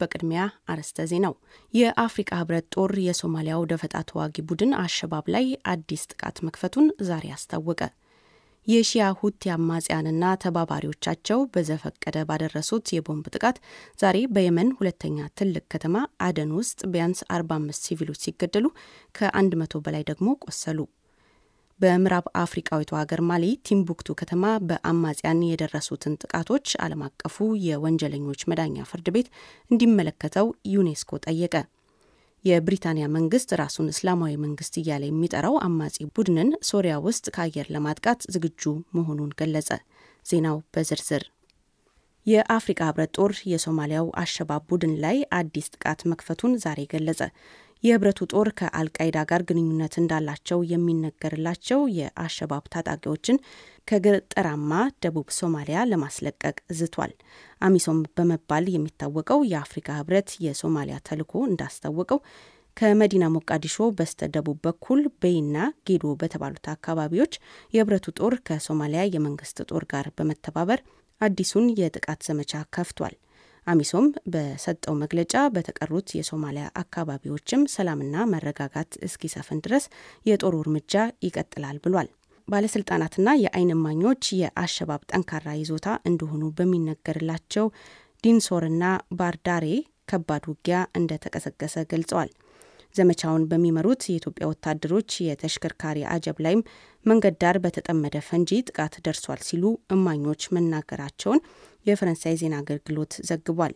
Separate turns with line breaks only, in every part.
በቅድሚያ አርዕስተ ዜናው። የአፍሪቃ ህብረት ጦር የሶማሊያው ደፈጣ ተዋጊ ቡድን አሸባብ ላይ አዲስ ጥቃት መክፈቱን ዛሬ አስታወቀ። የሺያ ሁቲ አማጽያንና ተባባሪዎቻቸው በዘፈቀደ ባደረሱት የቦምብ ጥቃት ዛሬ በየመን ሁለተኛ ትልቅ ከተማ አደን ውስጥ ቢያንስ 45 ሲቪሎች ሲገደሉ ከ100 በላይ ደግሞ ቆሰሉ። በምዕራብ አፍሪቃዊቱ ሀገር ማሊ ቲምቡክቱ ከተማ በአማጽያን የደረሱትን ጥቃቶች ዓለም አቀፉ የወንጀለኞች መዳኛ ፍርድ ቤት እንዲመለከተው ዩኔስኮ ጠየቀ። የብሪታንያ መንግስት ራሱን እስላማዊ መንግስት እያለ የሚጠራው አማጺ ቡድንን ሶሪያ ውስጥ ከአየር ለማጥቃት ዝግጁ መሆኑን ገለጸ። ዜናው በዝርዝር የአፍሪካ ህብረት ጦር የሶማሊያው አሸባብ ቡድን ላይ አዲስ ጥቃት መክፈቱን ዛሬ ገለጸ። የህብረቱ ጦር ከአልቃይዳ ጋር ግንኙነት እንዳላቸው የሚነገርላቸው የአሸባብ ታጣቂዎችን ከገጠራማ ደቡብ ሶማሊያ ለማስለቀቅ ዝቷል። አሚሶም በመባል የሚታወቀው የአፍሪካ ህብረት የሶማሊያ ተልዕኮ እንዳስታወቀው ከመዲና ሞቃዲሾ በስተ ደቡብ በኩል በይና ጌዶ በተባሉት አካባቢዎች የህብረቱ ጦር ከሶማሊያ የመንግስት ጦር ጋር በመተባበር አዲሱን የጥቃት ዘመቻ ከፍቷል። አሚሶም በሰጠው መግለጫ በተቀሩት የሶማሊያ አካባቢዎችም ሰላምና መረጋጋት እስኪሰፍን ድረስ የጦሩ እርምጃ ይቀጥላል ብሏል። ባለስልጣናትና የአይን እማኞች የአሸባብ ጠንካራ ይዞታ እንደሆኑ በሚነገርላቸው ዲንሶርና ባርዳሬ ከባድ ውጊያ እንደተቀሰቀሰ ገልጸዋል። ዘመቻውን በሚመሩት የኢትዮጵያ ወታደሮች የተሽከርካሪ አጀብ ላይም መንገድ ዳር በተጠመደ ፈንጂ ጥቃት ደርሷል ሲሉ እማኞች መናገራቸውን የፈረንሳይ ዜና አገልግሎት ዘግቧል።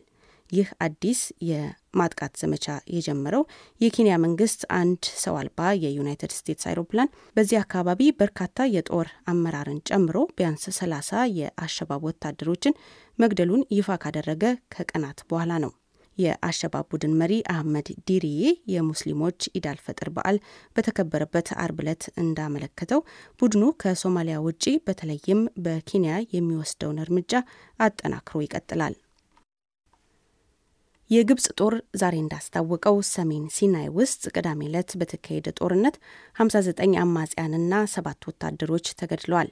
ይህ አዲስ የማጥቃት ዘመቻ የጀመረው የኬንያ መንግስት አንድ ሰው አልባ የዩናይትድ ስቴትስ አይሮፕላን በዚህ አካባቢ በርካታ የጦር አመራርን ጨምሮ ቢያንስ ሰላሳ የአሸባብ ወታደሮችን መግደሉን ይፋ ካደረገ ከቀናት በኋላ ነው። የአሸባብ ቡድን መሪ አህመድ ዲሪዬ የሙስሊሞች ኢዳል ፈጥር በዓል በተከበረበት አርብ ዕለት እንዳመለከተው ቡድኑ ከሶማሊያ ውጪ በተለይም በኬንያ የሚወስደውን እርምጃ አጠናክሮ ይቀጥላል። የግብፅ ጦር ዛሬ እንዳስታወቀው ሰሜን ሲናይ ውስጥ ቅዳሜ ዕለት በተካሄደ ጦርነት 59 አማጽያንና ሰባት ወታደሮች ተገድለዋል።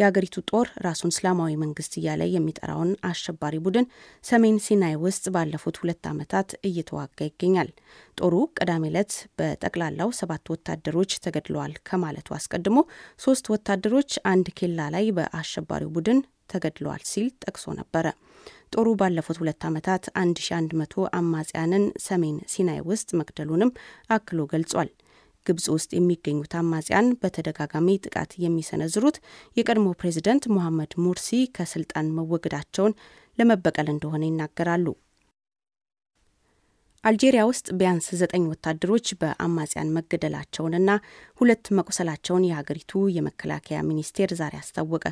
የአገሪቱ ጦር ራሱን እስላማዊ መንግስት እያለ የሚጠራውን አሸባሪ ቡድን ሰሜን ሲናይ ውስጥ ባለፉት ሁለት ዓመታት እየተዋጋ ይገኛል። ጦሩ ቅዳሜ ዕለት በጠቅላላው ሰባት ወታደሮች ተገድለዋል ከማለቱ አስቀድሞ ሶስት ወታደሮች አንድ ኬላ ላይ በአሸባሪው ቡድን ተገድለዋል ሲል ጠቅሶ ነበረ። ጦሩ ባለፉት ሁለት ዓመታት 1100 አማጽያንን ሰሜን ሲናይ ውስጥ መግደሉንም አክሎ ገልጿል። ግብጽ ውስጥ የሚገኙት አማጽያን በተደጋጋሚ ጥቃት የሚሰነዝሩት የቀድሞ ፕሬዚደንት ሞሐመድ ሙርሲ ከስልጣን መወገዳቸውን ለመበቀል እንደሆነ ይናገራሉ። አልጄሪያ ውስጥ ቢያንስ ዘጠኝ ወታደሮች በአማጽያን መገደላቸውንና ሁለት መቁሰላቸውን የሀገሪቱ የመከላከያ ሚኒስቴር ዛሬ አስታወቀ።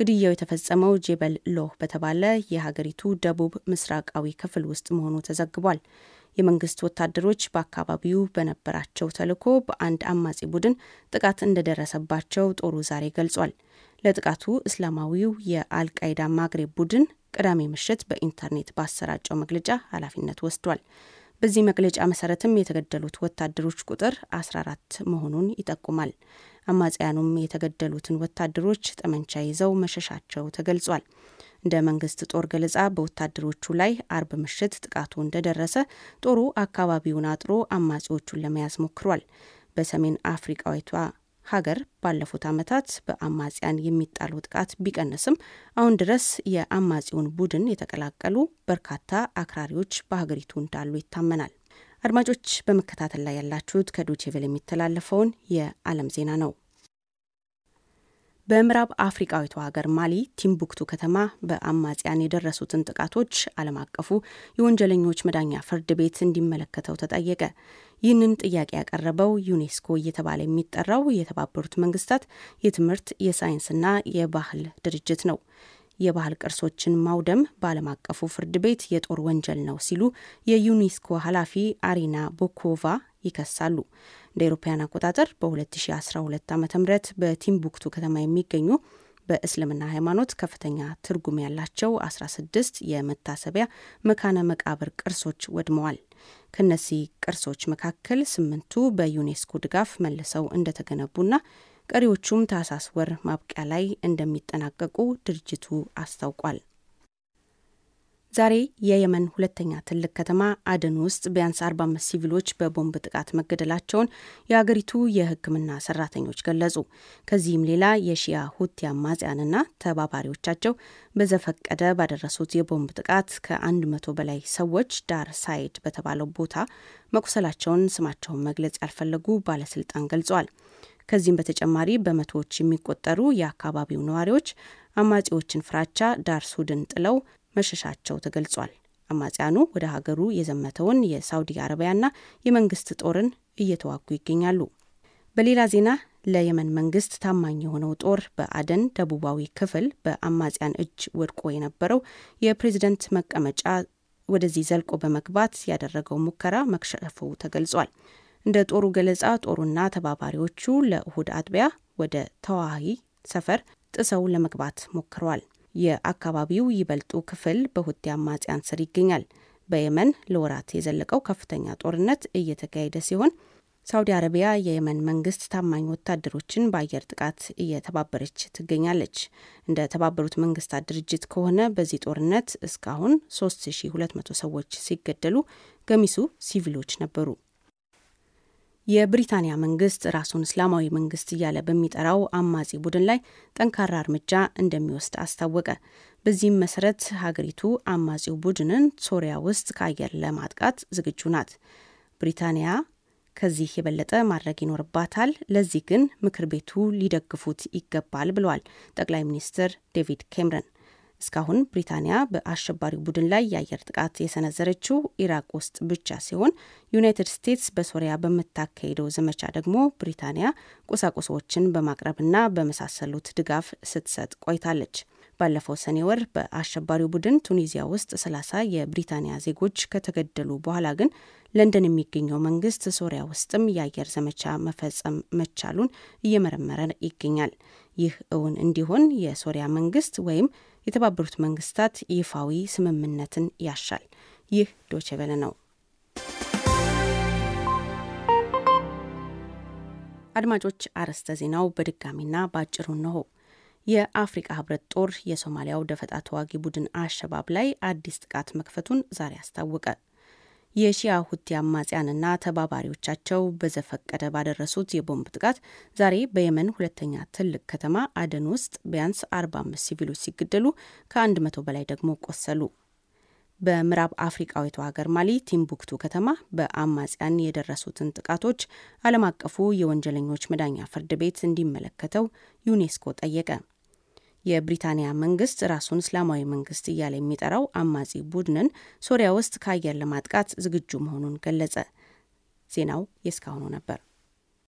ግድያው የተፈጸመው ጄበል ሎህ በተባለ የሀገሪቱ ደቡብ ምስራቃዊ ክፍል ውስጥ መሆኑ ተዘግቧል። የመንግስት ወታደሮች በአካባቢው በነበራቸው ተልዕኮ በአንድ አማጺ ቡድን ጥቃት እንደደረሰባቸው ጦሩ ዛሬ ገልጿል። ለጥቃቱ እስላማዊው የአልቃይዳ ማግሬብ ቡድን ቅዳሜ ምሽት በኢንተርኔት ባሰራጨው መግለጫ ኃላፊነት ወስዷል። በዚህ መግለጫ መሰረትም የተገደሉት ወታደሮች ቁጥር 14 መሆኑን ይጠቁማል። አማጽያኑም የተገደሉትን ወታደሮች ጠመንቻ ይዘው መሸሻቸው ተገልጿል። እንደ መንግስት ጦር ገለጻ በወታደሮቹ ላይ አርብ ምሽት ጥቃቱ እንደደረሰ ጦሩ አካባቢውን አጥሮ አማጺዎቹን ለመያዝ ሞክሯል። በሰሜን አፍሪቃዊቷ ሀገር ባለፉት ዓመታት በአማጽያን የሚጣለው ጥቃት ቢቀንስም አሁን ድረስ የአማጺውን ቡድን የተቀላቀሉ በርካታ አክራሪዎች በሀገሪቱ እንዳሉ ይታመናል። አድማጮች በመከታተል ላይ ያላችሁት ከዶቼ የሚተላለፈውን የዓለም ዜና ነው። በምዕራብ አፍሪቃዊቷ ሀገር ማሊ ቲምቡክቱ ከተማ በአማጽያን የደረሱትን ጥቃቶች ዓለም አቀፉ የወንጀለኞች መዳኛ ፍርድ ቤት እንዲመለከተው ተጠየቀ። ይህንን ጥያቄ ያቀረበው ዩኔስኮ እየተባለ የሚጠራው የተባበሩት መንግስታት የትምህርት የሳይንስና የባህል ድርጅት ነው። የባህል ቅርሶችን ማውደም በዓለም አቀፉ ፍርድ ቤት የጦር ወንጀል ነው ሲሉ የዩኒስኮ ኃላፊ አሪና ቦኮቫ ይከሳሉ። እንደ አውሮፓውያን አቆጣጠር በ2012 ዓ ም በቲምቡክቱ ከተማ የሚገኙ በእስልምና ሃይማኖት ከፍተኛ ትርጉም ያላቸው 16 የመታሰቢያ መካነ መቃብር ቅርሶች ወድመዋል። ከነዚህ ቅርሶች መካከል ስምንቱ በዩኔስኮ ድጋፍ መልሰው እንደተገነቡና ቀሪዎቹም ታህሳስ ወር ማብቂያ ላይ እንደሚጠናቀቁ ድርጅቱ አስታውቋል። ዛሬ የየመን ሁለተኛ ትልቅ ከተማ አደን ውስጥ ቢያንስ 45 ሲቪሎች በቦምብ ጥቃት መገደላቸውን የአገሪቱ የሕክምና ሰራተኞች ገለጹ። ከዚህም ሌላ የሺያ ሁቲ አማጽያንና ተባባሪዎቻቸው በዘፈቀደ ባደረሱት የቦምብ ጥቃት ከ100 በላይ ሰዎች ዳር ሳይድ በተባለው ቦታ መቁሰላቸውን ስማቸውን መግለጽ ያልፈለጉ ባለስልጣን ገልጿል። ከዚህም በተጨማሪ በመቶዎች የሚቆጠሩ የአካባቢው ነዋሪዎች አማጺዎችን ፍራቻ ዳር ሱድን ጥለው መሸሻቸው ተገልጿል። አማጽያኑ ወደ ሀገሩ የዘመተውን የሳውዲ አረቢያና የመንግስት ጦርን እየተዋጉ ይገኛሉ። በሌላ ዜና ለየመን መንግስት ታማኝ የሆነው ጦር በአደን ደቡባዊ ክፍል በአማጽያን እጅ ወድቆ የነበረው የፕሬዝደንት መቀመጫ ወደዚህ ዘልቆ በመግባት ያደረገው ሙከራ መክሸፉ ተገልጿል። እንደ ጦሩ ገለጻ ጦሩና ተባባሪዎቹ ለእሁድ አጥቢያ ወደ ተዋሂ ሰፈር ጥሰው ለመግባት ሞክረዋል። የአካባቢው ይበልጡ ክፍል በሁቲ አማጽያን ስር ይገኛል። በየመን ለወራት የዘለቀው ከፍተኛ ጦርነት እየተካሄደ ሲሆን ሳውዲ አረቢያ የየመን መንግስት ታማኝ ወታደሮችን በአየር ጥቃት እየተባበረች ትገኛለች። እንደ ተባበሩት መንግስታት ድርጅት ከሆነ በዚህ ጦርነት እስካሁን 3200 ሰዎች ሲገደሉ ገሚሱ ሲቪሎች ነበሩ። የብሪታንያ መንግስት ራሱን እስላማዊ መንግስት እያለ በሚጠራው አማጺ ቡድን ላይ ጠንካራ እርምጃ እንደሚወስድ አስታወቀ። በዚህም መሰረት ሀገሪቱ አማጺው ቡድንን ሶሪያ ውስጥ ከአየር ለማጥቃት ዝግጁ ናት። ብሪታንያ ከዚህ የበለጠ ማድረግ ይኖርባታል። ለዚህ ግን ምክር ቤቱ ሊደግፉት ይገባል ብለዋል ጠቅላይ ሚኒስትር ዴቪድ ኬምረን። እስካሁን ብሪታንያ በአሸባሪ ቡድን ላይ የአየር ጥቃት የሰነዘረችው ኢራቅ ውስጥ ብቻ ሲሆን ዩናይትድ ስቴትስ በሶሪያ በምታካሄደው ዘመቻ ደግሞ ብሪታንያ ቁሳቁሶችን በማቅረብና በመሳሰሉት ድጋፍ ስትሰጥ ቆይታለች። ባለፈው ሰኔ ወር በአሸባሪው ቡድን ቱኒዚያ ውስጥ 30 የብሪታንያ ዜጎች ከተገደሉ በኋላ ግን ለንደን የሚገኘው መንግስት ሶሪያ ውስጥም የአየር ዘመቻ መፈጸም መቻሉን እየመረመረ ይገኛል። ይህ እውን እንዲሆን የሶሪያ መንግስት ወይም የተባበሩት መንግስታት ይፋዊ ስምምነትን ያሻል። ይህ ዶቼቬለ ነው። አድማጮች፣ አርዕስተ ዜናው በድጋሚና በአጭሩ እነሆ። የአፍሪቃ ህብረት ጦር የሶማሊያው ደፈጣ ተዋጊ ቡድን አሸባብ ላይ አዲስ ጥቃት መክፈቱን ዛሬ አስታወቀ። የሺያ ሁቲ አማጽያንና ተባባሪዎቻቸው በዘፈቀደ ባደረሱት የቦምብ ጥቃት ዛሬ በየመን ሁለተኛ ትልቅ ከተማ አደን ውስጥ ቢያንስ 45 ሲቪሎች ሲገደሉ ከ100 በላይ ደግሞ ቆሰሉ። በምዕራብ አፍሪቃዊቷ ሀገር ማሊ ቲምቡክቱ ከተማ በአማጽያን የደረሱትን ጥቃቶች ዓለም አቀፉ የወንጀለኞች መዳኛ ፍርድ ቤት እንዲመለከተው ዩኔስኮ ጠየቀ። የብሪታንያ መንግስት ራሱን እስላማዊ መንግስት እያለ የሚጠራው አማጺ ቡድንን ሶሪያ ውስጥ ከአየር ለማጥቃት ዝግጁ መሆኑን ገለጸ። ዜናው የእስካሁኑ ነበር።